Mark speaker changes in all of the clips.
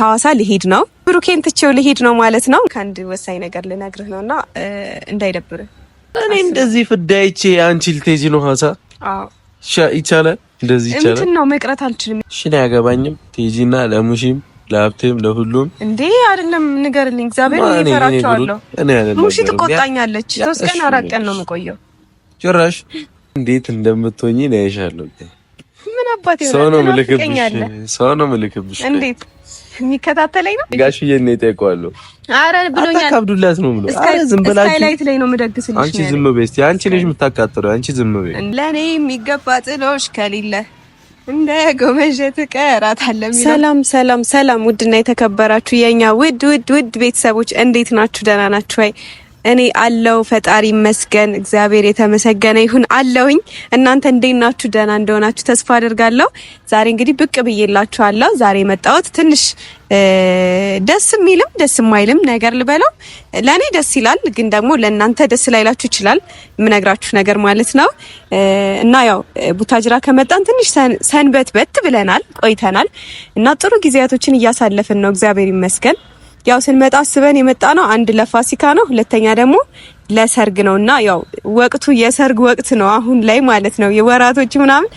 Speaker 1: ሀዋሳ ልሄድ ነው። ብሩኬን ትቼው ልሄድ ነው ማለት ነው። ከአንድ ወሳኝ ነገር ልነግርህ ነው እና እንዳይደብር
Speaker 2: እኔ እንደዚህ ፍዳይቼ አንቺ ልትሄጂ ነው ሀዋሳ ይቻላል፣ እንደዚህ
Speaker 1: ይቻላል። እንትን ነው መቅረት አልችልም።
Speaker 2: ሽን አያገባኝም። ቴጂና ለሙሽም ለሀብቴም ለሁሉም
Speaker 1: እንዴ አይደለም፣ ንገርልኝ። እግዚአብሔር
Speaker 2: ይፈራቸዋለሁ።
Speaker 1: ሙሽ ትቆጣኛለች። ሶስት ቀን አራት ቀን ነው የምቆየው።
Speaker 2: ጭራሽ እንዴት እንደምትሆኝ ነው ያይሻለሁ።
Speaker 1: ምን አባቴ ሰው ነው
Speaker 2: ምልክብሽ፣ ሰው ነው ምልክብሽ
Speaker 1: እንዴት የሚከታተለኝ ነው
Speaker 2: ጋሽዬ ነው የጠየቀዋለሁ።
Speaker 1: አረ ብሎኛል።
Speaker 2: ከብዱላስ ነው ብሎ
Speaker 1: አረ ዝም ብላችሁ ስካይላይት ላይ ነው የምደግስልሽ።
Speaker 2: አንቺ ዝም በይ እስኪ። አንቺ ልጅ የምታቃጥለው አንቺ ዝም በይ።
Speaker 1: ለኔ የሚገባ ጥሎሽ ከሌለ እንደ ጎመጀት ቀራት አለ። ሰላም ሰላም ሰላም! ውድና የተከበራችሁ የኛ ውድ ውድ ውድ ቤተሰቦች እንዴት ናችሁ? ደህና ናችሁ ወይ? እኔ አለው ፈጣሪ መስገን እግዚአብሔር የተመሰገነ ይሁን አለውኝ። እናንተ እንዴት ናችሁ? ደህና እንደሆናችሁ ተስፋ አድርጋለሁ። ዛሬ እንግዲህ ብቅ ብዬላችኋለሁ። ዛሬ የመጣሁት ትንሽ ደስ የሚልም ደስ የማይልም ነገር ልበለው። ለእኔ ደስ ይላል፣ ግን ደግሞ ለእናንተ ደስ ላይላችሁ ይችላል፣ የምነግራችሁ ነገር ማለት ነው። እና ያው ቡታጅራ ከመጣን ትንሽ ሰንበት በት ብለናል ቆይተናል፣ እና ጥሩ ጊዜያቶችን እያሳለፍን ነው እግዚአብሔር ይመስገን። ያው ስንመጣ አስበን የመጣ ነው። አንድ ለፋሲካ ነው፣ ሁለተኛ ደግሞ ለሰርግ ነው እና ያው ወቅቱ የሰርግ ወቅት ነው አሁን ላይ ማለት ነው። የወራቶች ምናምን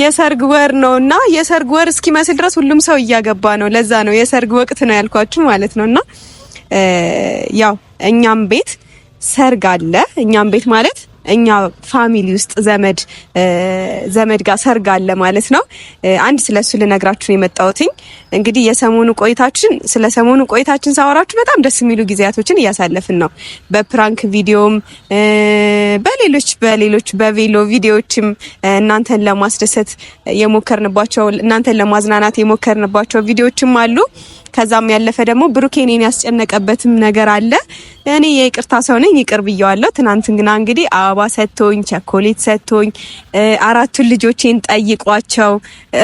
Speaker 1: የሰርግ ወር ነው እና የሰርግ ወር እስኪመስል ድረስ ሁሉም ሰው እያገባ ነው። ለዛ ነው የሰርግ ወቅት ነው ያልኳችሁ ማለት ነው። እና ያው እኛም ቤት ሰርግ አለ። እኛም ቤት ማለት እኛ ፋሚሊ ውስጥ ዘመድ ዘመድ ጋር ሰርግ አለ ማለት ነው። አንድ ስለሱ ልነግራችሁ የመጣሁትኝ እንግዲህ የሰሞኑ ቆይታችን ስለ ሰሞኑ ቆይታችን ሳወራችሁ በጣም ደስ የሚሉ ጊዜያቶችን እያሳለፍን ነው። በፕራንክ ቪዲዮም በሌሎች በሌሎች በቬሎ ቪዲዮዎችም እናንተን ለማስደሰት የሞከርንባቸው እናንተን ለማዝናናት የሞከርንባቸው ቪዲዮዎችም አሉ። ከዛም ያለፈ ደግሞ ብሩኬ እኔን ያስጨነቀበትም ነገር አለ። እኔ የይቅርታ ሰው ነኝ፣ ይቅር ብየዋለሁ። ግና እንግዲህ አበባ ሰጥቶኝ ቸኮሌት ሰጥቶኝ አራቱን ልጆቼን ጠይቋቸው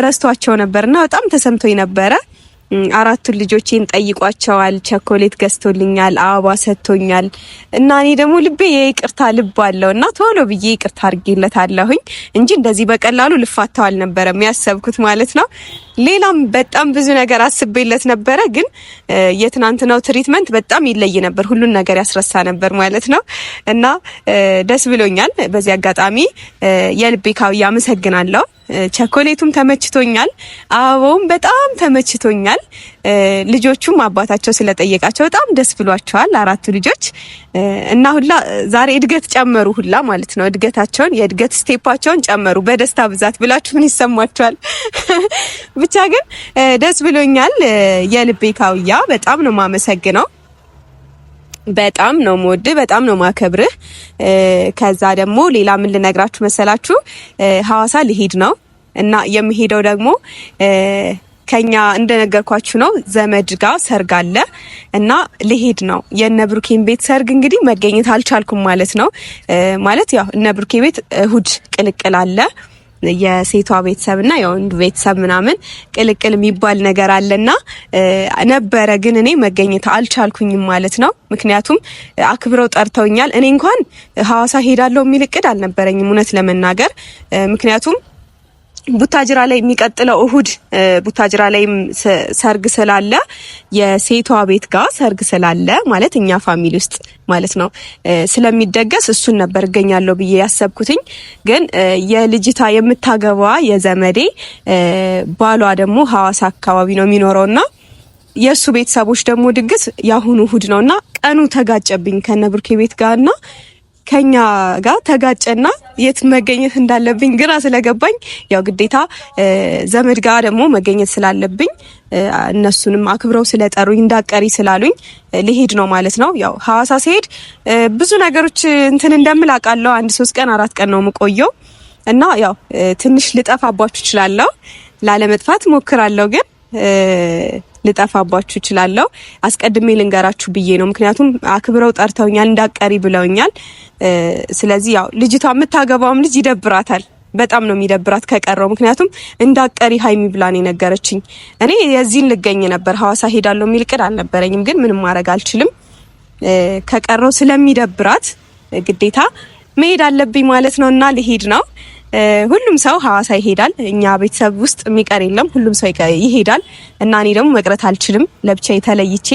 Speaker 1: ረስቷቸው ነበርና በጣም ተሰምቶኝ ነበረ። አራቱን ልጆቼን ጠይቋቸዋል፣ ቸኮሌት ገዝቶልኛል፣ አበባ ሰጥቶኛል እና እኔ ደግሞ ልቤ የይቅርታ ልብ አለው እና ቶሎ ብዬ ይቅርታ አድርጌለታለሁኝ አለሁኝ እንጂ እንደዚህ በቀላሉ ልፋተው አልነበረም ያሰብኩት ማለት ነው። ሌላም በጣም ብዙ ነገር አስቤለት ነበረ፣ ግን የትናንትናው ትሪትመንት በጣም ይለይ ነበር። ሁሉን ነገር ያስረሳ ነበር ማለት ነው እና ደስ ብሎኛል። በዚህ አጋጣሚ የልቤ ካው ያመሰግናለሁ። ቸኮሌቱም ተመችቶኛል፣ አበባውም በጣም ተመችቶኛል። ልጆቹም አባታቸው ስለጠየቃቸው በጣም ደስ ብሏቸዋል አራቱ ልጆች እና ሁላ ዛሬ እድገት ጨመሩ ሁላ ማለት ነው። እድገታቸውን የእድገት ስቴፓቸውን ጨመሩ በደስታ ብዛት ብላችሁ ምን ይሰማችኋል? ብቻ ግን ደስ ብሎኛል። የልቤ ካውያ በጣም ነው ማመሰግነው በጣም ነው ሞድ በጣም ነው ማከብርህ። ከዛ ደግሞ ሌላ ምን ልነግራችሁ መሰላችሁ፣ ሐዋሳ ልሄድ ነው እና የምሄደው ደግሞ ከኛ እንደነገርኳችሁ ነው ዘመድ ጋር ሰርግ አለ እና ልሄድ ነው። የእነ ብሩኬን ቤት ሰርግ እንግዲህ መገኘት አልቻልኩም ማለት ነው። ማለት ያው እነ ብሩኬ ቤት እሁድ ቅልቅል አለ የሴቷ ቤተሰብ እና የወንዱ ቤተሰብ ምናምን ቅልቅል የሚባል ነገር አለና ነበረ፣ ግን እኔ መገኘት አልቻልኩኝም ማለት ነው። ምክንያቱም አክብረው ጠርተውኛል። እኔ እንኳን ሀዋሳ ሄዳለሁ የሚል እቅድ አልነበረኝም እውነት ለመናገር ምክንያቱም ቡታጅራ ላይ የሚቀጥለው እሁድ ቡታጅራ ላይም ሰርግ ስላለ የሴቷ ቤት ጋር ሰርግ ስላለ ማለት እኛ ፋሚሊ ውስጥ ማለት ነው ስለሚደገስ እሱን ነበር እገኛለሁ ብዬ ያሰብኩትኝ። ግን የልጅታ የምታገባ የዘመዴ ባሏ ደግሞ ሀዋሳ አካባቢ ነው የሚኖረው ና የእሱ ቤተሰቦች ደግሞ ድግስ የአሁኑ እሁድ ነውና ቀኑ ተጋጨብኝ ከነብርኬ ቤት ጋር ና ከኛ ጋር ተጋጨና የት መገኘት እንዳለብኝ ግራ ስለገባኝ ያው ግዴታ ዘመድ ጋር ደግሞ መገኘት ስላለብኝ እነሱንም አክብረው ስለጠሩኝ እንዳቀሪ ስላሉኝ ሊሄድ ነው ማለት ነው። ያው ሀዋሳ ሲሄድ ብዙ ነገሮች እንትን እንደምል አውቃለሁ። አንድ ሶስት ቀን አራት ቀን ነው የምቆየው እና ያው ትንሽ ልጠፋባችሁ እችላለሁ። ላለመጥፋት ሞክራለሁ ግን ልጠፋባችሁ እችላለሁ። አስቀድሜ ልንገራችሁ ብዬ ነው። ምክንያቱም አክብረው ጠርተውኛል፣ እንዳቀሪ ብለውኛል። ስለዚህ ያው ልጅቷ የምታገባውም ልጅ ይደብራታል። በጣም ነው የሚደብራት ከቀረው። ምክንያቱም እንዳቀሪ ሀይሚ ብላን የነገረችኝ። እኔ የዚህን ልገኝ ነበር ሀዋሳ ሄዳለሁ የሚል ቅድ አልነበረኝም፣ ግን ምንም ማድረግ አልችልም። ከቀረው ስለሚደብራት ግዴታ መሄድ አለብኝ ማለት ነው እና ልሄድ ነው። ሁሉም ሰው ሀዋሳ ይሄዳል። እኛ ቤተሰብ ውስጥ የሚቀር የለም፣ ሁሉም ሰው ይሄዳል እና እኔ ደግሞ መቅረት አልችልም ለብቻ ተለይቼ።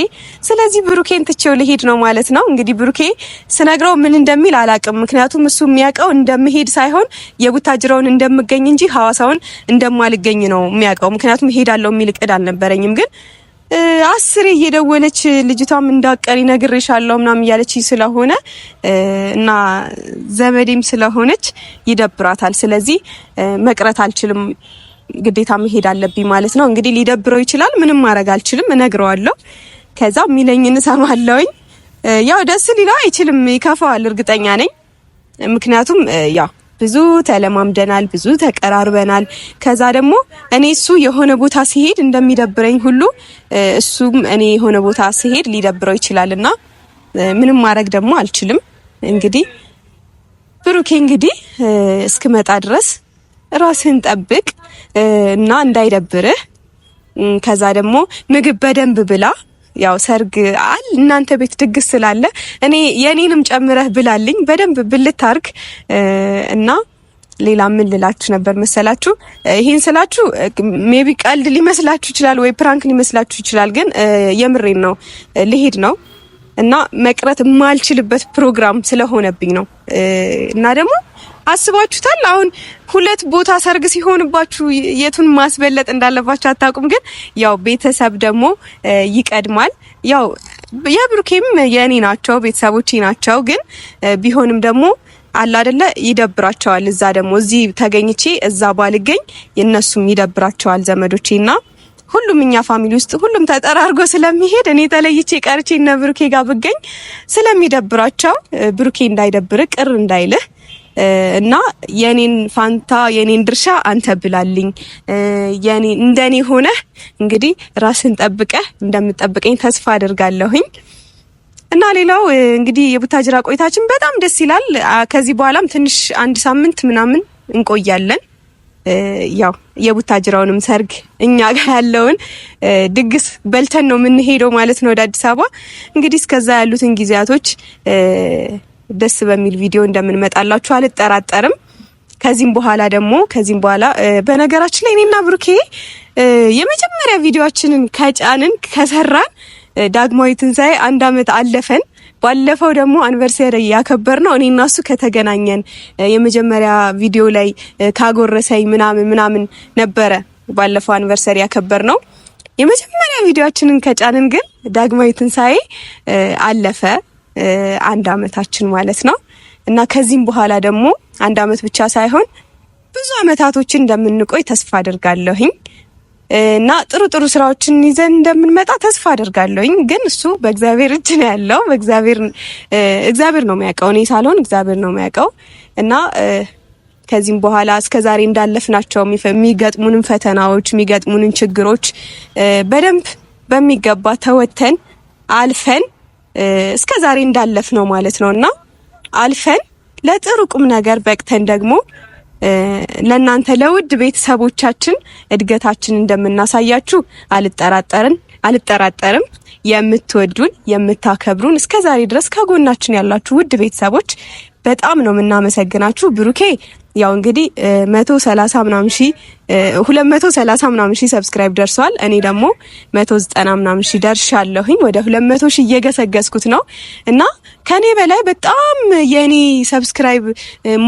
Speaker 1: ስለዚህ ብሩኬን ትቼው ልሄድ ነው ማለት ነው። እንግዲህ ብሩኬ ስነግረው ምን እንደሚል አላቅም። ምክንያቱም እሱ የሚያውቀው እንደምሄድ ሳይሆን የቡታጅራውን እንደምገኝ እንጂ ሀዋሳውን እንደማልገኝ ነው የሚያውቀው። ምክንያቱም እሄዳለሁ የሚል እቅድ አልነበረኝም ግን አስሬ እየደወለች ልጅቷም እንዳቀሪ ነግሬሻለሁ ምናምን እያለች ስለሆነ እና ዘመዴም ስለሆነች ይደብራታል። ስለዚህ መቅረት አልችልም፣ ግዴታ መሄድ አለብኝ ማለት ነው። እንግዲህ ሊደብረው ይችላል፣ ምንም ማድረግ አልችልም፣ እነግረዋለሁ። ከዛ የሚለኝን እሰማለሁኝ። ያው ደስ ሊለው አይችልም፣ ይከፋዋል፣ እርግጠኛ ነኝ። ምክንያቱም ያው ብዙ ተለማምደናል፣ ብዙ ተቀራርበናል። ከዛ ደግሞ እኔ እሱ የሆነ ቦታ ሲሄድ እንደሚደብረኝ ሁሉ እሱም እኔ የሆነ ቦታ ሲሄድ ሊደብረው ይችላል እና ምንም ማድረግ ደግሞ አልችልም። እንግዲህ ብሩኬ እንግዲህ እስክመጣ ድረስ ራስህን ጠብቅ እና እንዳይደብርህ። ከዛ ደግሞ ምግብ በደንብ ብላ ያው ሰርግ አል እናንተ ቤት ድግስ ስላለ እኔ የኔንም ጨምረህ ብላልኝ በደንብ ብልታርግ እና ሌላ ምን ልላችሁ ነበር መሰላችሁ? ይሄን ስላችሁ ሜቢ ቀልድ ሊመስላችሁ ይችላል፣ ወይ ፕራንክ ሊመስላችሁ ይችላል። ግን የምሬን ነው፣ ልሄድ ነው እና መቅረት የማልችልበት ፕሮግራም ስለሆነብኝ ነው እና ደግሞ አስባችሁታል? አሁን ሁለት ቦታ ሰርግ ሲሆንባችሁ የቱን ማስበለጥ እንዳለባችሁ አታውቁም። ግን ያው ቤተሰብ ደግሞ ይቀድማል። ያው የብሩኬም የኔ ናቸው ቤተሰቦቼ ናቸው። ግን ቢሆንም ደግሞ አለ አይደለ ይደብራቸዋል። እዛ ደግሞ እዚህ ተገኝቼ እዛ ባልገኝ የነሱም ይደብራቸዋል ዘመዶቼና ሁሉም እኛ ፋሚሊ ውስጥ ሁሉም ተጠራርጎ ስለሚሄድ እኔ ተለይቼ ቀርቼ እነ ብሩኬ ጋር ብገኝ ስለሚደብራቸው ብሩኬ እንዳይደብር ቅር እንዳይልህ እና የኔን ፋንታ የኔን ድርሻ አንተ ብላልኝ የኔ እንደኔ ሆነህ እንግዲህ ራስን ጠብቀህ እንደምጠብቀኝ ተስፋ አደርጋለሁኝ። እና ሌላው እንግዲህ የቡታጅራ ቆይታችን በጣም ደስ ይላል። ከዚህ በኋላም ትንሽ አንድ ሳምንት ምናምን እንቆያለን። ያው የቡታጅራውንም ሰርግ እኛ ጋር ያለውን ድግስ በልተን ነው የምንሄደው ማለት ነው ወደ አዲስ አበባ። እንግዲህ እስከዛ ያሉትን ጊዜያቶች ደስ በሚል ቪዲዮ እንደምንመጣላችሁ አልጠራጠርም። ከዚህም በኋላ ደግሞ ከዚህም በኋላ በነገራችን ላይ እኔና ብሩኬ የመጀመሪያ ቪዲዮችንን ከጫንን ከሰራን ዳግማዊ ትንሳኤ አንድ አመት አለፈን። ባለፈው ደግሞ አንቨርሰሪ ያከበር ነው። እኔ እናሱ እሱ ከተገናኘን የመጀመሪያ ቪዲዮ ላይ ካጎረሰኝ ምናምን ምናምን ነበረ ባለፈው አንቨርሰሪ ያከበር ነው። የመጀመሪያ ቪዲዮችንን ከጫንን ግን ዳግማዊ ትንሳኤ አለፈ። አንድ አመታችን ማለት ነው እና ከዚህም በኋላ ደግሞ አንድ አመት ብቻ ሳይሆን ብዙ አመታቶችን እንደምንቆይ ተስፋ አድርጋለሁኝ እና ጥሩ ጥሩ ስራዎችን ይዘን እንደምንመጣ ተስፋ አድርጋለሁኝ። ግን እሱ በእግዚአብሔር እጅ ነው ያለው። በእግዚአብሔር እግዚአብሔር ነው የሚያውቀው፣ እኔ ሳልሆን እግዚአብሔር ነው የሚያውቀው እና ከዚህም በኋላ እስከ ዛሬ እንዳለፍናቸው የሚገጥሙንን ፈተናዎች የሚገጥሙንን ችግሮች በደንብ በሚገባ ተወተን አልፈን እስከ ዛሬ እንዳለፍ ነው ማለት ነው እና አልፈን ለጥሩ ቁም ነገር በቅተን ደግሞ ለእናንተ ለውድ ቤተሰቦቻችን እድገታችን እንደምናሳያችሁ አልጠራጠርን አልጠራጠርም። የምትወዱን የምታከብሩን፣ እስከ ዛሬ ድረስ ከጎናችን ያላችሁ ውድ ቤተሰቦች በጣም ነው የምናመሰግናችሁ። ብሩኬ ያው እንግዲህ 130 ሰላሳ ምናምን ሺህ ሁለት ምናምን ሺህ ሰብስክራይብ ደርሷል እኔ ደግሞ 190 ዘጠና ምናምን ሺህ ደርሻለሁኝ። ወደ 200 ሺ እየገሰገስኩት ነው እና ከኔ በላይ በጣም የኔ ሰብስክራይብ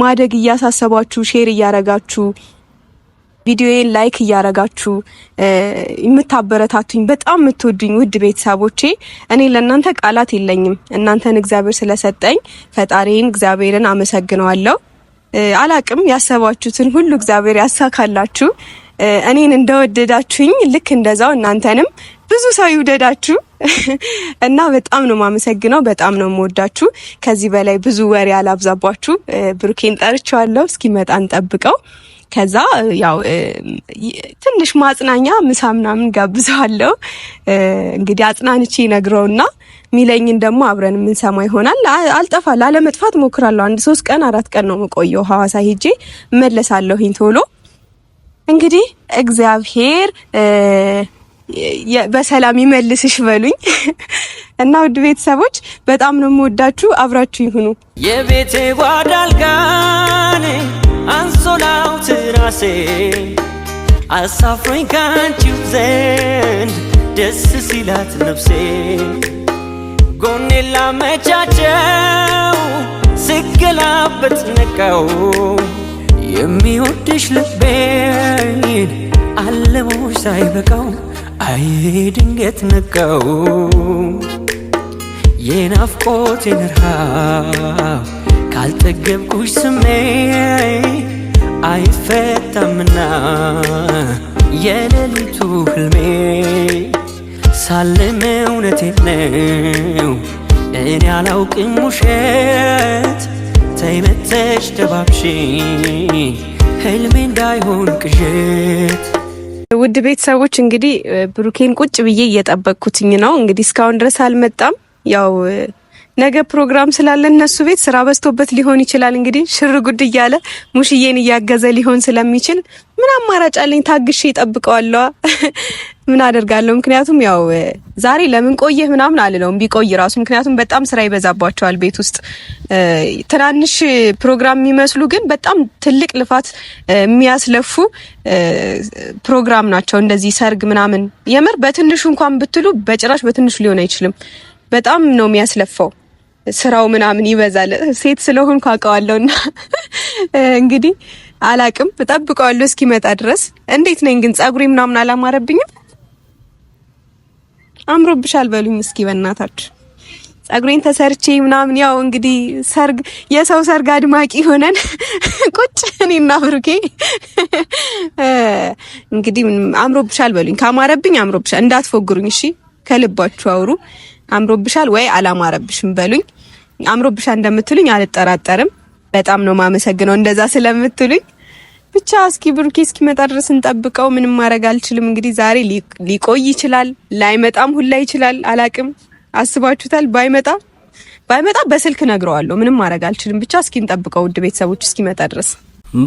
Speaker 1: ማደግ እያሳሰባችሁ ሼር እያረጋችሁ ቪዲዮዬን ላይክ እያረጋችሁ የምታበረታቱኝ በጣም የምትወዱኝ ውድ ቤተሰቦቼ እኔ ለእናንተ ቃላት የለኝም። እናንተን እግዚአብሔር ስለሰጠኝ ፈጣሪን እግዚአብሔርን አመሰግነዋለሁ። አላቅም። ያሰባችሁትን ሁሉ እግዚአብሔር ያሳካላችሁ። እኔን እንደወደዳችሁኝ ልክ እንደዛው እናንተንም ብዙ ሰው ይውደዳችሁ እና በጣም ነው ማመሰግነው። በጣም ነው የምወዳችሁ። ከዚህ በላይ ብዙ ወሬ አላብዛባችሁ። ብሩኬን ጠርቼዋለሁ። እስኪመጣ እንጠብቀው። ከዛ ያው ትንሽ ማጽናኛ ምሳ ምናምን ጋብዘዋለሁ። እንግዲህ አጽናንቼ ነግረውና ሚለኝን ደግሞ አብረን የምንሰማ ይሆናል። አልጠፋ ላለመጥፋት ሞክራለሁ። አንድ ሶስት ቀን አራት ቀን ነው የምቆየው ሀዋሳ ሄጄ መለሳለሁኝ ቶሎ። እንግዲህ እግዚአብሔር በሰላም ይመልስሽ በሉኝ እና ውድ ቤተሰቦች በጣም ነው የምወዳችሁ። አብራችሁ ይሁኑ። የቤቴ ጓዳ አልጋኔ አንሶላው ትራሴ አሳፍሮኝ ካንቺው ዘንድ ደስ ሲላት ነፍሴ ጎኔ ላመቻቸው ስገላበት ነቀው የሚወድሽ ልቤን አለሞች ሳይበቃው አይ ድንገት ነቀው የናፍቆቴን ረሃብ ካልጠገብኩሽ ስሜ አይፈታምና የሌሊቱ ህልሜ ሳልም እውነት የለው እኔ አላውቅም ውሸት ተይመተሽ ደባብሽ ህልሜ እንዳይሆን ቅዠት። ውድ ቤተሰቦች እንግዲህ ብሩኬን ቁጭ ብዬ እየጠበቅኩትኝ ነው። እንግዲህ እስካሁን ድረስ አልመጣም። ያው ነገ ፕሮግራም ስላለ እነሱ ቤት ስራ በዝቶበት ሊሆን ይችላል። እንግዲህ ሽር ጉድ እያለ ሙሽዬን እያገዘ ሊሆን ስለሚችል ምን አማራጭ አለኝ? ታግሼ እጠብቀዋለዋ። ምን አደርጋለሁ። ምክንያቱም ያው ዛሬ ለምን ቆየህ ምናምን አልለውም ቢቆይ ራሱ ምክንያቱም በጣም ስራ ይበዛባቸዋል ቤት ውስጥ ትናንሽ ፕሮግራም የሚመስሉ ግን በጣም ትልቅ ልፋት የሚያስለፉ ፕሮግራም ናቸው። እንደዚህ ሰርግ ምናምን የምር በትንሹ እንኳን ብትሉ በጭራሽ በትንሹ ሊሆን አይችልም። በጣም ነው የሚያስለፋው ስራው ምናምን ይበዛል። ሴት ስለሆንኩ አውቀዋለሁና እንግዲህ አላቅም እጠብቀዋለሁ እስኪመጣ ድረስ። እንዴት ነኝ ግን? ጸጉሬ ምናምን አላማረብኝም። አምሮብሻል በሉኝ እስኪ በእናታችሁ። ጸጉሬን ተሰርቼ ምናምን ያው እንግዲህ ሰርግ የሰው ሰርግ አድማቂ ሆነን ቁጭ እኔና ብሩኬ እንግዲህ አምሮብሻል በሉኝ። ካማረብኝ አምሮብሻል እንዳትፎግሩኝ፣ እሺ ከልባችሁ አውሩ። አምሮብሻል ወይ አላማረብሽም በሉኝ። አምሮብሻል እንደምትሉኝ አልጠራጠርም። በጣም ነው ማመሰግነው እንደዛ ስለምትሉኝ። ብቻ እስኪ ብሩኬ እስኪመጣ ድረስ እንጠብቀው። ምንም ማድረግ አልችልም። እንግዲህ ዛሬ ሊቆይ ይችላል፣ ላይመጣም ሁላ ይችላል። አላቅም። አስባችሁታል? ባይመጣ ባይመጣ በስልክ ነግረዋለሁ። ምንም ማድረግ አልችልም። ብቻ እስኪ እንጠብቀው ውድ ቤተሰቦች እስኪመጣ ድረስ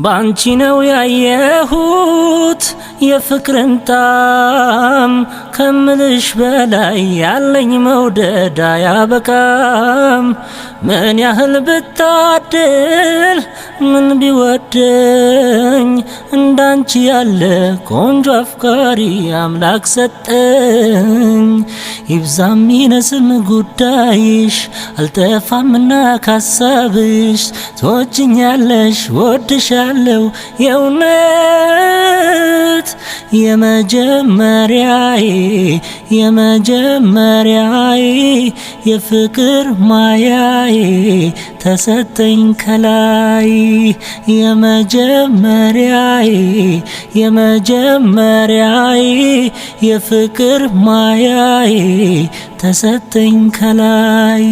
Speaker 1: ባንቺ ነው ያየሁት የፍቅርን ጣም ከምልሽ በላይ ያለኝ መውደድ አያበቃም። ምን ያህል ብታድል ምን ቢወደኝ እንዳንቺ ያለ ቆንጆ አፍቃሪ አምላክ ሰጠኝ። ይብዛም ይነስም ጉዳይሽ አልጠፋምና ካሳብሽ ትወጅኛለሽ ወድሽ አግኝቻለሁ የእውነት የመጀመሪያዬ የመጀመሪያዬ የፍቅር ማያዬ ተሰጠኝ ከላይ
Speaker 2: የመጀመሪያዬ የመጀመሪያዬ የፍቅር ማያዬ ተሰጠኝ ከላይ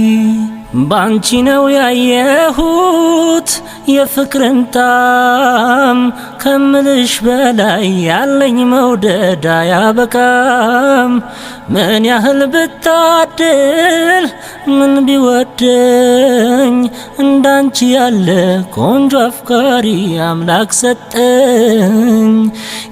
Speaker 2: ባንቺ ነው ያየሁት የፍቅርን ጣም ከምልሽ በላይ ያለኝ መውደድ አያበቃም። ምን ያህል ብታድል ምን ቢወደኝ እንዳንቺ ያለ ቆንጆ አፍቃሪ አምላክ ሰጠኝ።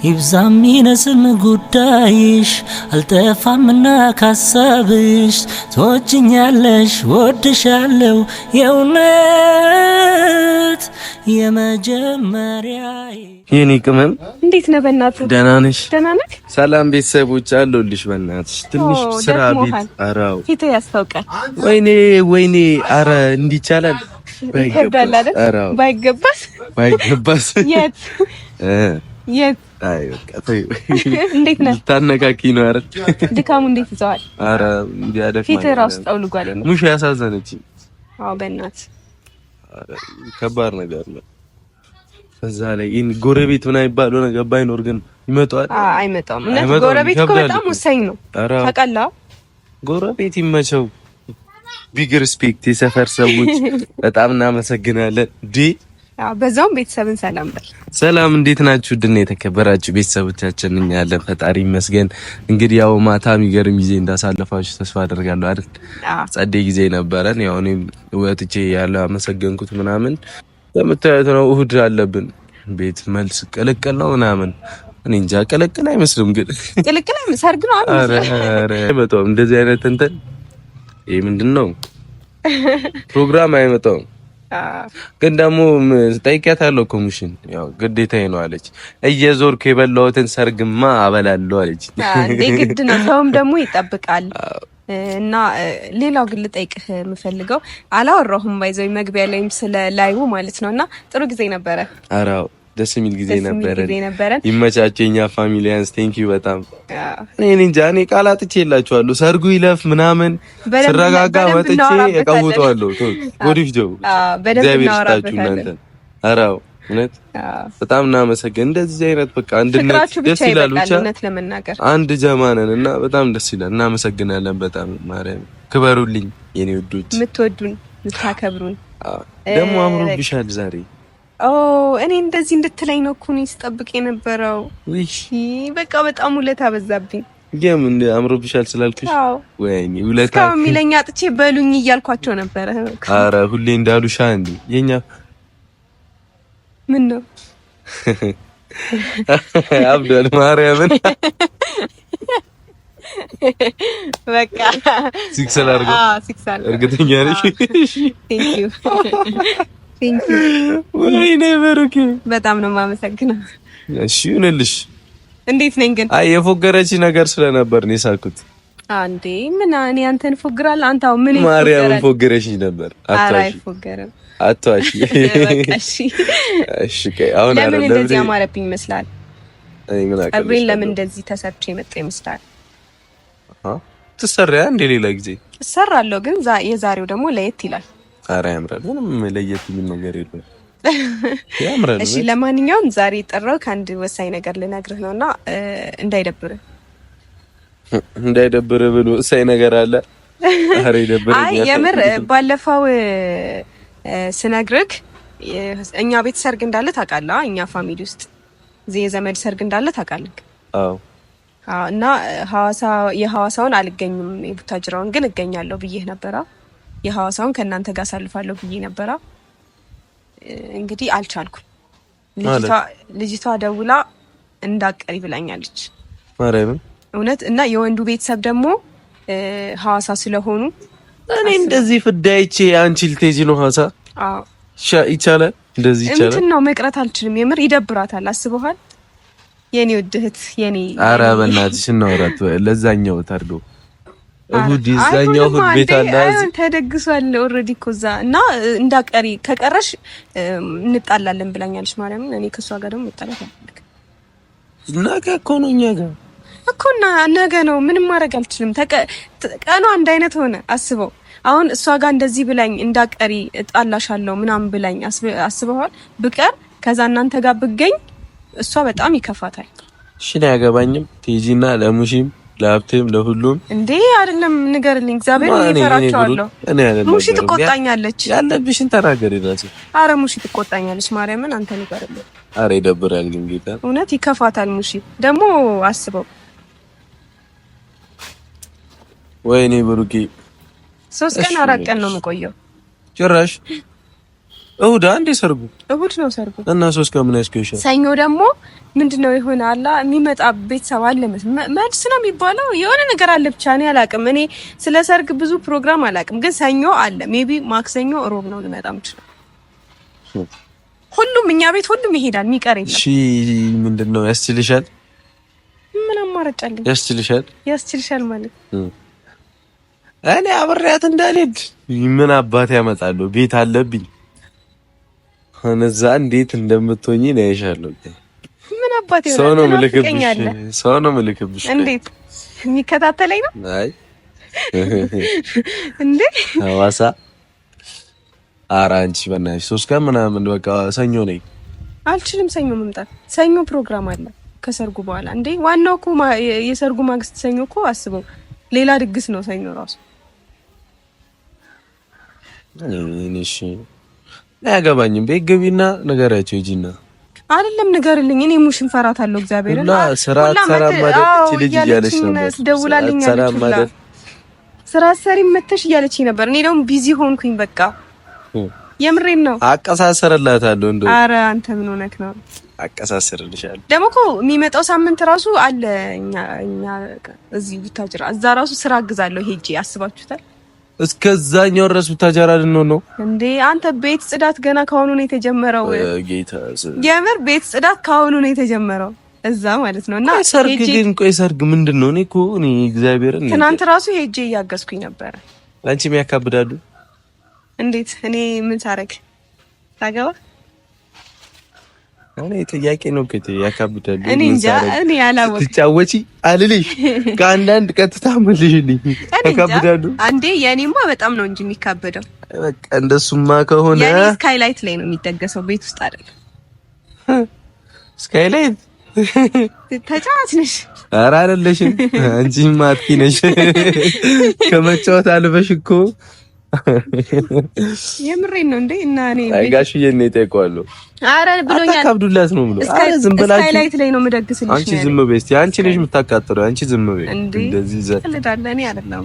Speaker 2: ይብዛም ይነስም ጉዳይሽ አልጠፋምና ካሳብሽ ትወጅኛለሽ ወድሽ ደርሻለሁ የእውነት የመጀመሪያ የኔ ቅመም
Speaker 1: እንዴት ነህ? በእናትህ ደህና ነሽ? ደህና ነህ?
Speaker 2: ሰላም ቤተሰቦች አለሁልሽ። በእናትሽ ትንሽ ስራ ቤት። አራው
Speaker 1: ፊት ያስታውቃል።
Speaker 2: ወይኔ ወይኔ፣ አረ እንዲቻላል
Speaker 1: ባይገባስ፣
Speaker 2: ባይገባስ የት የት አይ በቃ ተይው። እንዴት ነህ? ልታነካኪኝ ነው አይደል?
Speaker 1: ድካሙ እንዴት ይዘዋል? አረ እንዲያደክ ፊት ራሱ ጠውልጓል።
Speaker 2: ሙሽ ያሳዘነች። አዎ በእናት ከባድ ነገር ነው። ከዛ ላይ ይሄን ጎረቤት ምን አይባል የሚባለው ነገር ባይኖር ግን ይመጣል።
Speaker 1: አይመጣም። እውነት ጎረቤት እኮ በጣም ወሳኝ ነው። ታውቃለህ?
Speaker 2: ጎረቤት ይመቸው። ቢግ ሪስፔክት የሰፈር ሰዎች በጣም እናመሰግናለን ዲ
Speaker 1: በዛውም ቤተሰብን ሰላም በል።
Speaker 2: ሰላም እንዴት ናችሁ? ድና የተከበራችሁ ቤተሰቦቻችን፣ እኛ ያለን ፈጣሪ ይመስገን። እንግዲህ ያው ማታ የሚገርም ጊዜ እንዳሳለፋችሁ ተስፋ አደርጋለሁ አይደል? ጸዴ ጊዜ ነበረን። ያው እኔም ወጥቼ ያለ አመሰገንኩት ምናምን የምታዩት ነው። እሁድ አለብን ቤት መልስ ቅልቅል ነው ምናምን እኔ እንጃ ቅልቅል አይመስልም፣ ግን
Speaker 1: ቅልቅል ሰርግ ነው።
Speaker 2: አይመጣውም እንደዚህ አይነት እንትን ይህ ምንድን ነው ፕሮግራም አይመጣውም። ግን ደግሞ ጠይቂያታለሁ እኮ ሙሽን ያው ግዴታዬ ነው አለች። እየዞርኩ የበላሁትን ሰርግማ አበላለሁ አለች።
Speaker 1: እንዴ ግድ ነው፣ ሰውም ደግሞ ይጠብቃል። እና ሌላው ግን ልጠይቅህ የምፈልገው አላወራሁም፣ ባይዘው መግቢያ ላይም ስለ ላይቡ ማለት ነው። እና ጥሩ ጊዜ ነበረ።
Speaker 2: አራው ደስ የሚል ጊዜ ነበረ። ይመቻቸኛ ፋሚሊያንስ ቴንክ ዩ በጣም እኔ እንጃ እኔ ቃል አጥቼ የላችኋለሁ። ሰርጉ ይለፍ ምናምን ስረጋጋ መጥቼ እቀውጠዋለሁ። ጎዲፍ ጆ
Speaker 1: እግዚአብሔር ስታችሁ
Speaker 2: እናንተ አራው እውነት በጣም እናመሰግን። እንደዚህ አይነት በቃ አንድነት ደስ ይላል። ብቻ አንድ ጀማነን እና በጣም ደስ ይላል። እናመሰግናለን በጣም ማርያም። ክበሩልኝ የኔ ውዶች፣
Speaker 1: የምትወዱን የምታከብሩን።
Speaker 2: ደግሞ አምሮብሻል ዛሬ
Speaker 1: እኔ እንደዚህ እንድትለኝ ነው እኮ እኔ ስጠብቅ የነበረው። በቃ በጣም ውለታ በዛብኝ።
Speaker 2: የምን አምሮብሻል ስላልኩሽ ወይኔ
Speaker 1: ውለታ የሚለኝ አጥቼ በሉኝ እያልኳቸው ነበረ።
Speaker 2: አረ ሁሌ እንዳሉሻ እንዴ የኛ
Speaker 1: ምን ነው አብዷል ማርያምን በቃ ሲክሰል አድርገው
Speaker 2: እርግጠኛ ነሽ?
Speaker 1: ቴንክ ዩ
Speaker 2: ወይኔ ብሩኬ
Speaker 1: በጣም ነው የማመሰግነው።
Speaker 2: እሺ ይሁንልሽ። እንዴት ነኝ ግን? አይ የፎገረች ነገር ስለነበር ነው የሳኩት።
Speaker 1: አንዴ ምን እኔ አንተን ፎግራል። አንተ አሁን ምን
Speaker 2: ማርያም ፎገረሽ ነበር። አትዋሽ፣ እሺ፣
Speaker 1: እሺ። አሁን ለምን እንደዚህ አማረብኝ ይመስላል? ለምን እንደዚህ የመጣ ይመስላል?
Speaker 2: ትሰሪያ እንደ ሌላ ጊዜ
Speaker 1: እሰራለሁ፣ ግን የዛሬው ደግሞ ለየት ይላል።
Speaker 2: ጣራ ያምራል። ምንም ለየት የሚል ነገር የለም። ያምራል።
Speaker 1: እሺ፣ ለማንኛውም ዛሬ ጠራው ከአንድ ወሳኝ ነገር ልነግርህ ነው እና እንዳይደብር
Speaker 2: እንዳይደብር ብሎ ወሳኝ ነገር አለ።
Speaker 1: ኧረ ይደብር። አይ የምር ባለፈው ስነግርህ እኛ ቤት ሰርግ እንዳለ ታውቃለህ። እኛ ፋሚሊ ውስጥ እዚህ የዘመድ ሰርግ እንዳለ ታውቃለህ። አዎ እና ሐዋሳ የሐዋሳውን አልገኝም የቡታጅራውን ግን እገኛለሁ ብዬህ ነበራ የሐዋሳውን ከእናንተ ጋር አሳልፋለሁ ብዬ ነበራ። እንግዲህ አልቻልኩም። ልጅቷ ደውላ እንዳቀሪ ብላኛለች። እውነት እና የወንዱ ቤተሰብ ደግሞ ሐዋሳ ስለሆኑ
Speaker 2: እኔ እንደዚህ ፍዳይቼ አንቺ ልትሄጂ ነው ሐዋሳ? ይቻላል እንደዚህ
Speaker 1: ይቻላል። እንትን ነው መቅረት አልችልም። የምር ይደብራታል። አስበሃል? የኔ ውድ እህት የኔ
Speaker 2: ኧረ በእናትሽ እናውራት ለዛኛው ታርገው እሁድ
Speaker 1: ይዛኛው እሁድ ቤት አለ ተደግሷል። ኦልሬዲ እኮ እዛ እና እንዳቀሪ ከቀረሽ እንጣላለን ብላኛለች። ማርያምን እኔ ከእሷ ጋር ደግሞ መጣላት አልፈልግ
Speaker 2: እና እኮ ነው እኛ ጋር
Speaker 1: እኮ እና ነገ ነው። ምንም ማድረግ አልችልም። ቀኑ አንድ አይነት ሆነ። አስበው አሁን እሷ ጋር እንደዚህ ብላኝ እንዳቀሪ እጣላሻለሁ ምናምን ብላኝ አስበዋል ብቀር ከዛ እናንተ ጋር ብገኝ እሷ በጣም ይከፋታል።
Speaker 2: እሺ ነው ያገባኝም ቴጂና ለሙሺም ለሀብቴም ለሁሉም
Speaker 1: እንዴ አይደለም፣ ንገርልኝ። እግዚአብሔር ይፈራቸዋለሁ። ሙሺ ትቆጣኛለች።
Speaker 2: ያለብሽን ተናገሪ ራሴ።
Speaker 1: አረ ሙሺ ትቆጣኛለች። ማርያምን አንተ ንገርልኝ።
Speaker 2: አረ ይደብራል፣ ግን ጌታ
Speaker 1: እውነት ይከፋታል። ሙሺ ደግሞ አስበው።
Speaker 2: ወይኔ ብሩኬ
Speaker 1: ሶስት ቀን አራት ቀን ነው የምቆየው
Speaker 2: ጭራሽ እሁድ አንዴ ሰርጉ
Speaker 1: እሁድ ነው ሰርጉ
Speaker 2: እና ሶስት ከምን ያስከሽ
Speaker 1: ሰኞ ደግሞ ምንድነው ይሆን አላ የሚመጣ ቤተሰብ አለ መልስ ነው የሚባለው የሆነ ነገር አለ ብቻ እኔ አላቅም እኔ ስለ ሰርግ ብዙ ፕሮግራም አላቅም ግን ሰኞ አለ ሜቢ ማክሰኞ ሮብ ነው ሊመጣ የምችለው ሁሉም እኛ ቤት ሁሉም ይሄዳል የሚቀር የለም
Speaker 2: እሺ ምንድነው ያስችልሻል
Speaker 1: ምን አማራጭ አለኝ ያስችልሻል ያስችልሻል ማለት
Speaker 2: እኔ አብሬያት እንዳልሄድ ምን አባቴ ያመጣለሁ ቤት አለብኝ እዛ እንዴት እንደምትሆኚ ነው ያይሻለሁ። ምን አባቴ ሰው ነው ምልክብሽ፣ ሰው ነው ምልክብሽ።
Speaker 1: እንዴት የሚከታተለኝ ነው?
Speaker 2: አይ እንዴ ሐዋሳ አራንቺ አንቺ በእናትሽ ሶስት ቀን ምናምን በቃ ሰኞ ነኝ።
Speaker 1: አልችልም ሰኞ መምጣት። ሰኞ ፕሮግራም አለ ከሰርጉ በኋላ። እንዴ ዋናው እኮ የሰርጉ ማግስት ሰኞ እኮ አስበው፣ ሌላ ድግስ ነው ሰኞ ራሱ።
Speaker 2: እኔ እሺ አያገባኝም። ቤት ገቢና ንገሪያቸው ሂጂና
Speaker 1: አይደለም ንገርልኝ። እኔ ሙሽን ፈራት አለው እግዚአብሔር
Speaker 2: እና ስራ ስራ ማለት ልጅ እያለች ነበር። ደውላልኝ
Speaker 1: ስራ ሰሪ መተሽ እያለችኝ ነበር። እኔ ደግሞ ቢዚ ሆንኩኝ። በቃ የምሬን ነው።
Speaker 2: አቀሳሰርላታለሁ።
Speaker 1: እንዴ? አረ አንተ ምን ሆነክ ነው?
Speaker 2: አቀሳሰርልሻለሁ።
Speaker 1: ደግሞ እኮ የሚመጣው ሳምንት ራሱ አለ። እኛ እኛ እዚህ ቡታጅራ እዛ ራሱ ስራ አግዛለሁ ሄጄ አስባችሁታል?
Speaker 2: እስከዛኛው ድረስ ብታጀራ ልንሆን ነው
Speaker 1: እንዴ? አንተ ቤት ጽዳት ገና ካሁኑ ነው የተጀመረው። ጌታ የምር ቤት ጽዳት ካሁኑ ነው የተጀመረው እዛ ማለት ነው።
Speaker 2: እና ሰርግ ግን ቆይ ሰርግ ምንድን ነው? እኔ እኮ እኔ እግዚአብሔርን
Speaker 1: ትናንት ራሱ ሄጄ እያገዝኩኝ ነበረ።
Speaker 2: አንቺ የሚያካብዳሉ
Speaker 1: እንዴት? እኔ ምን ሳረግ ታገባ
Speaker 2: እኔ ጥያቄ ነው ከቴ ያካብዳል።
Speaker 1: እኔ እንጃ እኔ አላወቅም።
Speaker 2: ትጫወቺ አልልሽ ከአንዳንድ ቀጥታ መልሽልኝ
Speaker 1: ያካብዳሉ። አንዴ የእኔማ በጣም ነው እንጂ የሚካበደው።
Speaker 2: በቃ እንደሱማ ከሆነ የእኔ
Speaker 1: ስካይላይት ላይ ነው የሚደገሰው፣ ቤት ውስጥ አይደል። ስካይላይት ተጫዋች ነሽ?
Speaker 2: ኧረ አይደለሽም። አንቺማ አጥቂ ነሽ። ከመጫወት አልበሽ እኮ
Speaker 1: የምሬን ነው እንዴ። እና እኔ
Speaker 2: ጋሽዬ ነው የጠየቀዋለሁ አረ ብሎኛል። ከብዱላት ነው ብሎ
Speaker 1: አረ ዝም ብላችሁ ስካይላይት ላይ ነው የምደግስልሽ።
Speaker 2: አንቺ ዝም በይ እስቲ። አንቺ ልጅ የምታቃጥለው አንቺ ዝም በይ።
Speaker 1: እንደዚህ
Speaker 2: ዘ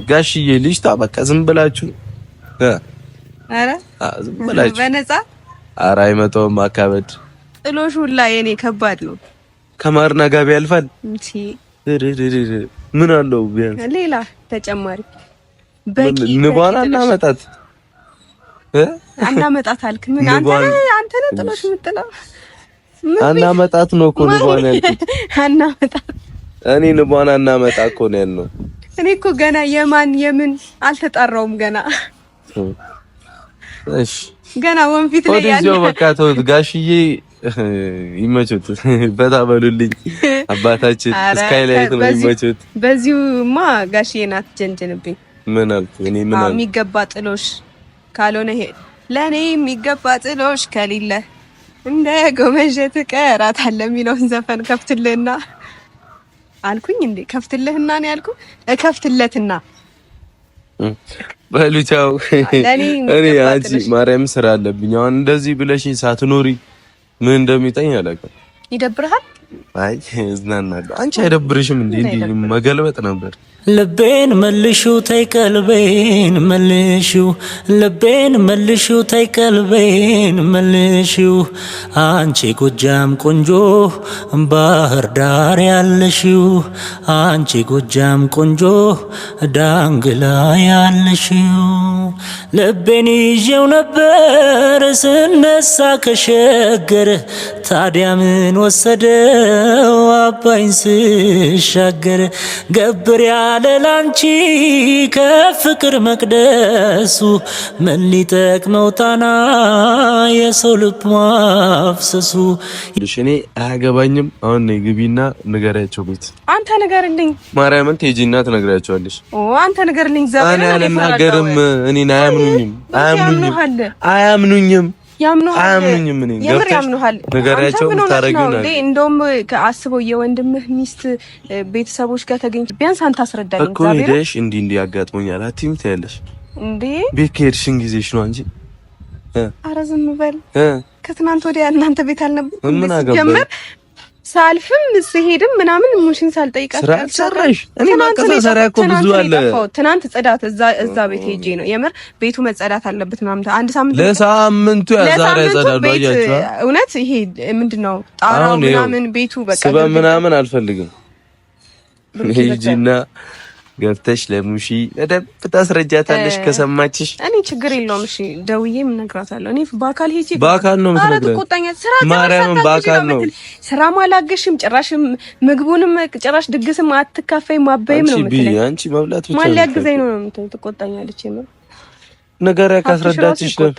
Speaker 2: ጋሽዬ ልጅ ታበቃ ዝም ብላችሁ አረ ዝም ብላችሁ በነፃ አረ አይመጣውም። አካበድ
Speaker 1: ጥሎሽ ሁላ የኔ ከባድ ነው።
Speaker 2: ከማርና ጋቢ ያልፋል። እንቺ ምን አለው
Speaker 1: ቢያንስ ሌላ ተጨማሪ
Speaker 2: በቂ ንቧን እናመጣት
Speaker 1: አናመጣት አልክ? ምን አንተ አንተ ነህ ጥሎሽ
Speaker 2: የምትጥለው? አናመጣት ነው እኮ ንቧን ያልኩት።
Speaker 1: አናመጣት
Speaker 2: እኔ ንቧን አናመጣ እኮ ነው ያልነው።
Speaker 1: እኔ እኮ ገና የማን የምን አልተጠራውም ገና። እሺ ገና ወንፊት ላይ ያለ ወዲዮ በቃ ተውት። ጋሽዬ ይመቹት፣ በታ በሉልኝ አባታችን ስካይ ላይ ነው ይመቹት። በዚሁማ ጋሽዬ ናት ጀንጀንብኝ። ምን አልኩ እኔ ምን አልኩ? የሚገባ ጥሎሽ ካልሆነ ሄድ ለእኔ የሚገባ ጥሎሽ ከሌለ እንደ ጎመዠት ቀራት አለ የሚለውን ዘፈን ከፍትልህና አልኩኝ እንዴ ከፍትልህና ነው ያልኩ እከፍትለትና በሉቻው እኔ አንቺ ማርያም ስራ አለብኝ። አሁን እንደዚህ ብለሽኝ ሳትኖሪ ምን እንደሚጠኝ አላውቅም። ይደብርሃል? አይ እዝናናለሁ። አንቺ አይደብርሽም እንዴ? መገልበጥ ነበር ልቤን መልሹ ተይ ቀልቤን መልሹ ልቤን መልሹ ተይ ቀልቤን መልሹ አንቺ ጎጃም ቆንጆ ባህር ዳር ያለሽው አንቺ ጎጃም ቆንጆ ዳንግላ ያለሽው ልቤን ይዤው ነበር ስነሳ ከሸገር ታዲያ ምን ወሰደው አባይን ስሻገር ገብር ላንቺ ከፍቅር መቅደሱ ምን ሊጠቅመው ታና የሰው ልብ ማፍሰሱ። እኔ አያገባኝም። አሁን ግቢና ንገሪያቸው ቤት አንተ ንገርልኝ። ማርያምን ቴጂና ትነግሪያቸዋለሽ። አንተ ንገርልኝ። እኔን አያምኑኝም፣ አያምኑኝም አያምኑኝም። እኔ የምር ያምኑሃል። ንገሪያቸው የምታረጊው እንደውም አስበው የወንድምህ ሚስት ቤተሰቦች ጋር ተገኝ ቢያንስ አንተ አስረዳኝ እኮ ሄደሽ እንዲህ እንዲህ ያጋጥሞኛል አትይም ትያለሽ እንዴ? ቤት ከሄድሽን ጊዜሽ ነው እንጂ ኧረ ዝም በል። ከትናንት ወዲያ እናንተ ቤት አልነበረ ጀመር ሳልፍም ስሄድም ምናምን ሙሽን ሳልጠይቃት ሰራሽ። እኔ ማቀሳሰሪያ እኮ ብዙ አለ። ትናንት ጽዳት እዛ ቤት ሄጄ ነው የምር ቤቱ መጸዳት አለበት ምናምን። አንድ ሳምንት ለሳምንቱ ያዛራ ያጸዳሉ። አያችሁ፣ እውነት ይሄ ምንድነው ጣራው ምናምን ቤቱ በቃ ስበ ምናምን አልፈልግም ሄጂና ገብተሽ ለሙሺ በደንብ ታስረጃታለሽ። ከሰማችሽ እኔ ችግር የለውም። እሺ ደውዬም እነግራታለሁ። እኔ በአካል ሄጄ በአካል ነው የምትነግረው። ማርያምን በአካል ነው። ስራም አላገሽም ጭራሽም፣ ምግቡንም ጭራሽ ድግስም አትካፈይ ማበይም ነው የምትለኝ። አንቺ መብላት ብቻ ማን ሊያግዘኝ ነው የምትለኝ። ትቆጣኛለች። የምር ነገር ካስረዳችሽ ነው።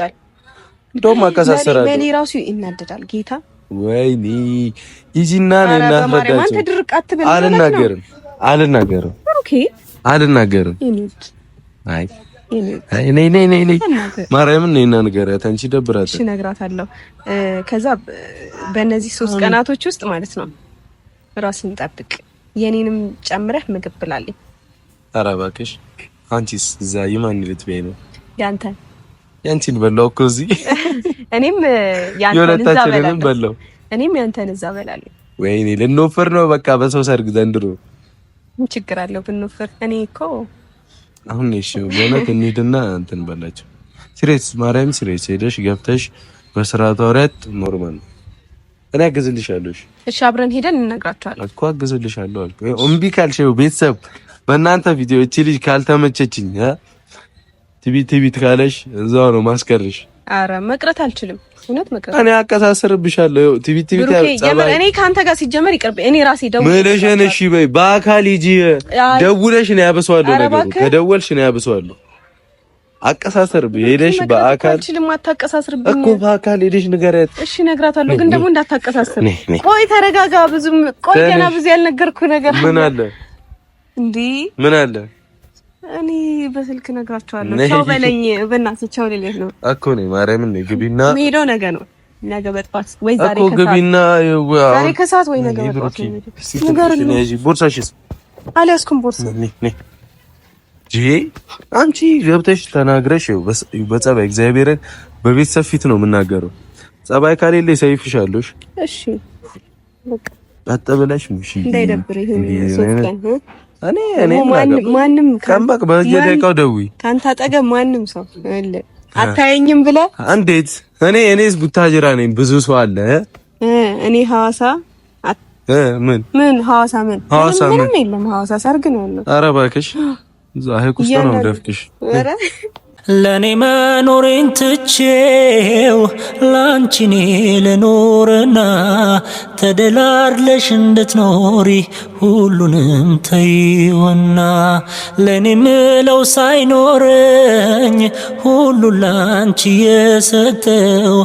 Speaker 1: እንደውም አቀሳሰራለሁ። ለኔ ራሱ ይናደዳል ጌታ። ወይኔ ይጂና ነው እናስረዳችሁ። አልናገርም አልናገርም። ኦኬ አልናገርም። አይ እኔ እኔ እኔ እኔ ማርያምን እኔና ንገሪያት አንቺ ደብራት። እሺ እነግራታለሁ። ከዛ በእነዚህ ሶስት ቀናቶች ውስጥ ማለት ነው ራስን ጠብቅ፣ የኔንም ጨምረህ ምግብ ብላለኝ። ኧረ እባክሽ አንቺስ እዛ ይማን ልትበይ ነው? ያንተ ያንቺን በላው እኮ እዚህ እኔም ያንተን እዛ በላለሁ። እኔም ያንተን እዛ በላለሁ። ወይኔ ልንወፈር ነው በቃ በሰው ሰርግ ዘንድሮ ችግር አለው ብንወፍር። እኔ እኮ አሁን እሺ፣ በእውነት እንሂድና እንትን በላቸው። ሲሬስ ማርያም፣ ሲሬስ ሄደሽ ገብተሽ በስርዓቱ አውሪያት። ኖርማል እኔ አግዝልሻለሁ። እሺ፣ አብረን ሄደን እንነግራቸዋለን እኮ። አግዝልሻለሁ አልኩ። እምቢ ካልሽ ቤተሰብ በእናንተ ቪዲዮ እቺ ልጅ ካልተመቸችኝ ቲቪ ቲቪ ካለሽ እዛው ነው ማስቀርሽ። አረ መቅረት አልችልም። እውነት መቅረብ እኔ አቀሳስርብሻለሁ። ቲቪ ቲቪ እኔ ከአንተ ጋር ሲጀመር ይቅርብ። እኔ ራሴ ደውል ምልሽን እሺ በይ። በአካል ሂጂ። ደውለሽ ነው ያበሰዋለሁ። ነገሩ ከደወልሽ ነው ያበሰዋለሁ። አቀሳሰርብ ሄደሽ በአካል አታቀሳስርብኝ እኮ በአካል ሄደሽ ንገሪያት። እሺ እነግራታለሁ፣ ግን ደግሞ እንዳታቀሳስር። ቆይ ተረጋጋ። ብዙም ቆይ ገና ብዙ ያልነገርኩ ነገር ምን አለ እንዴ? ምን አለ እኔ በስልክ ነግራቸዋለሁ። ቻው በለኝ በእናትህ ቻው ሌሊት ነው እኮ ነው። ማርያምን ነው ግቢና የምሄደው ነገ ነው። ነገ በጥፋት ወይ ዛሬ ከሰዓት ግቢና ዛሬ ከሰዓት ወይ ነገ በጠዋት ነው። ቦርሳሽስ? አልያዝኩም ቦርሳ። አንቺ ገብተሽ ተናግረሽ በጸባይ እግዚአብሔርን በቤተሰብ ፊት ነው የምናገረው። ጸባይ ካሌለ ሰይፍሻለሽ። እሺ በቃ ቀጥ ብለሽ ሙሽ እንዳይደብር ይሄን ሶፍት እኔ እኔ ማንም ከምባክ በየደቂቃው ደውይ። ካንተ አጠገብ ማንም ሰው አታየኝም ብለህ እንዴት? እኔ እኔስ ቡታጅራ ነኝ፣ ብዙ ሰው አለ። እኔ ሐዋሳ ምን ምን ሐዋሳ ምን ሐዋሳ ምንም የለም። ሐዋሳ ሰርግ ነው ያለው። ኧረ እባክሽ ዛሄ ቁስጥ ነው ደፍቅሽ ለኔ መኖሬን ትቼው ላንቺኔ ልኖርና ተደላድለሽ እንድትኖሪ ሁሉንም ተይወና ለኔ ምለው ሳይኖረኝ ሁሉ ላንቺ የሰጠው